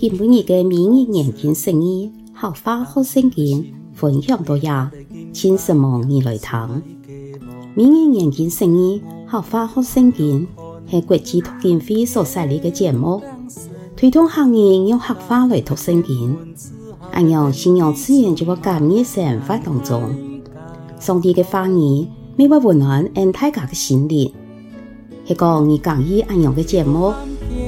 聽每日嘅《民營眼鏡生意》好花好生錢，分享到呀，請十萬你來聽。《明營眼鏡生意》好花好生錢，係國際讀經會所設立嘅節目，推動行業用合法來讀聖經，按樣信仰資源，就會融入生活當中，上帝嘅話語，每把温暖，按大家的心靈，係講你講意按樣嘅節目。